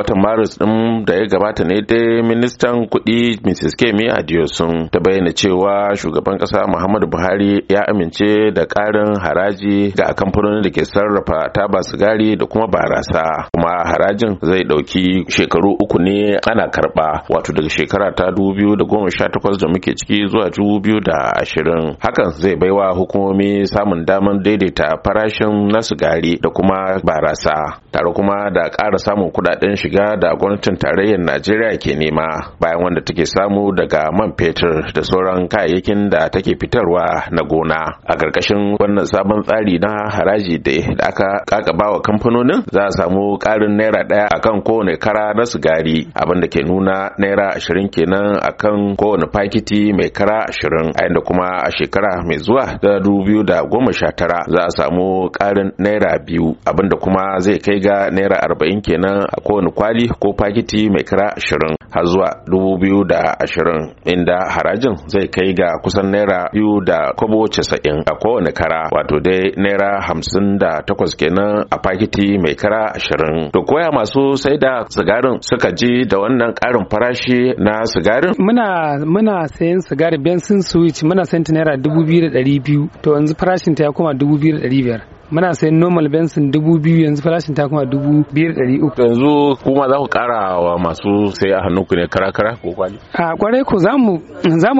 watan maris din da ya gabata ne dai ministan kuɗi mrs kemi adiosun ta bayyana cewa shugaban ƙasa muhammadu buhari ya amince da karin haraji ga kamfanonin da ke sarrafa taba sigari da kuma barasa kuma harajin zai ɗauki shekaru uku ne ana karɓa wato daga shekara ta dubu da goma sha takwas da muke ciki zuwa dubu da ashirin hakan zai baiwa hukumomi samun damar daidaita farashin na sigari da kuma barasa tare kuma da ƙara samun kudaden shiga da gwamnatin tarayyar najeriya ke nema bayan wanda take samu daga man fetur da sauran kayayyakin da take fitarwa na gona a ƙarƙashin wannan sabon tsari na haraji da aka kakaba wa kamfanonin za a samu ƙarin naira ɗaya akan kowane kara na sigari abin ke nuna naira ashirin kenan akan kowane fakiti mai kara ashirin a inda kuma a shekara mai zuwa da dubu biyu da goma sha tara za a samu ƙarin naira biyu abin kuma zai kai kai ga naira arba'in kenan a kowane kwali ko fakiti mai kira ashirin har zuwa dubu biyu da ashirin inda harajin zai kai ga kusan naira biyu da kobo casa'in a kowane kara wato dai naira hamsin da takwas kenan a fakiti mai kira ashirin to koya masu sai da sigarin suka ji da wannan karin farashi na sigarin muna muna sayan sigari bensin switch muna sayan naira dubu biyu da ɗari biyu to yanzu farashin ta ya koma dubu biyu da ɗari biyar muna sayan normal benson dubu biyu yanzu farashin ta kuma dubu biyar ɗari uku. yanzu kuma za ku ƙara wa masu sai a hannunku ne kara-kara ko kwali. a kwarai ko za mu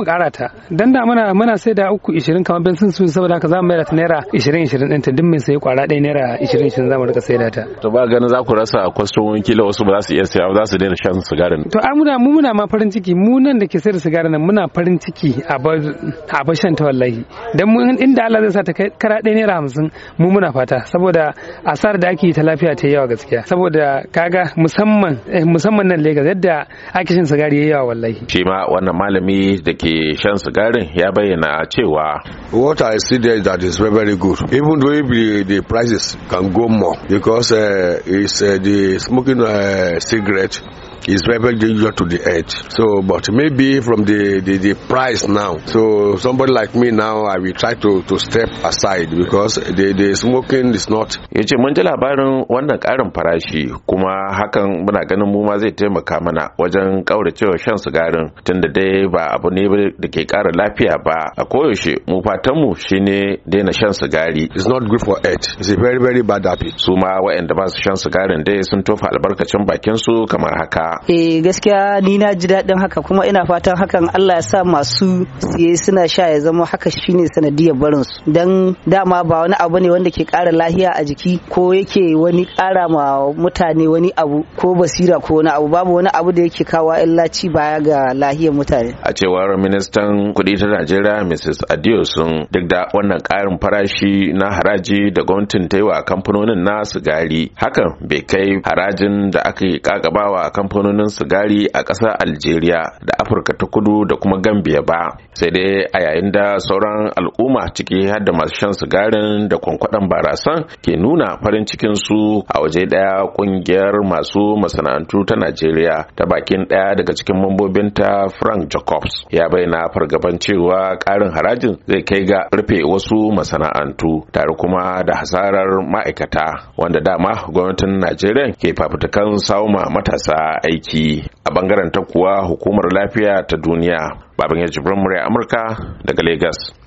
ƙara ta dan da muna muna sai da uku ishirin kamar benson su saboda haka za mu maida ta naira ishirin ishirin ɗin ta duk mai sayi kwara ɗaya naira ishirin ishirin za mu rika sai da ta. to ba ganin za ku rasa kwastomomin kila wasu ba za su iya sai za su daina shan sigarin. to a muna mu muna ma farin ciki mu nan da ke sayar da sigarin nan muna farin ciki a bar shan ta wallahi dan mu inda Allah zai sa ta kai kara ɗaya naira hamsin mu muna fata saboda asar da ake ta lafiya ta yawa gaskiya saboda kaga musamman eh, musamman nan Lagos yadda ake shan sigari ya yawa wallahi shi ma wannan malami da ke shan sigarin ya bayyana cewa what i see there that is very very good even though if the, the prices can go more because uh, it's uh, the smoking uh, cigarette is very dangerous to the earth. So, but maybe from the, the, the, price now, so somebody like me now, I will try to, to step aside because the, the smoking is not. Ya ce mun ji labarin wannan ƙarin farashi kuma hakan muna ganin mu ma zai taimaka mana wajen ƙauracewa shan sigarin tunda dai ba abu ne da ke ƙara lafiya ba a koyaushe mu fatanmu shine daina shan sigari. It's not good for health. It's a very very bad habit. Su ma waɗanda ba su shan sigarin dai sun tofa albarkacin bakin su kamar haka. eh gaskiya ni na ji daɗin haka kuma ina fatan hakan Allah ya sa masu siye suna sha ya zama haka shine sanadiyar barin su dan dama ba wani abu ne wanda ke ƙara lahiya a jiki ko yake wani ƙara ma mutane wani abu ko basira ko wani abu babu wani abu da yake kawo illaci baya ga lahiyar mutane a cewar ministan kuɗi ta Najeriya Mrs. Adio sun duk da wannan ƙarin farashi na haraji da gwamnatin ta yi wa kamfanonin na sigari hakan bai kai harajin da aka yi a kamfanonin kamfanonin sigari a ƙasar algeria afirka ta kudu da kuma gambia ba sai dai a yayin da sauran al'umma ciki har da masu shan sigarin da kwankwaɗan barasan ke nuna farin cikin su a waje ɗaya ƙungiyar masu masana'antu ta najeriya ta bakin ɗaya daga cikin mambobinta frank jacobs ya bayyana fargaban cewa karin harajin zai kai ga rufe wasu masana'antu tare kuma da hasarar ma'aikata wanda dama gwamnatin najeriya ke fafutukan sauma matasa aiki a bangaren ta kuwa hukumar lafiya lafiya ta duniya baban ya jibrin murya amurka daga lagos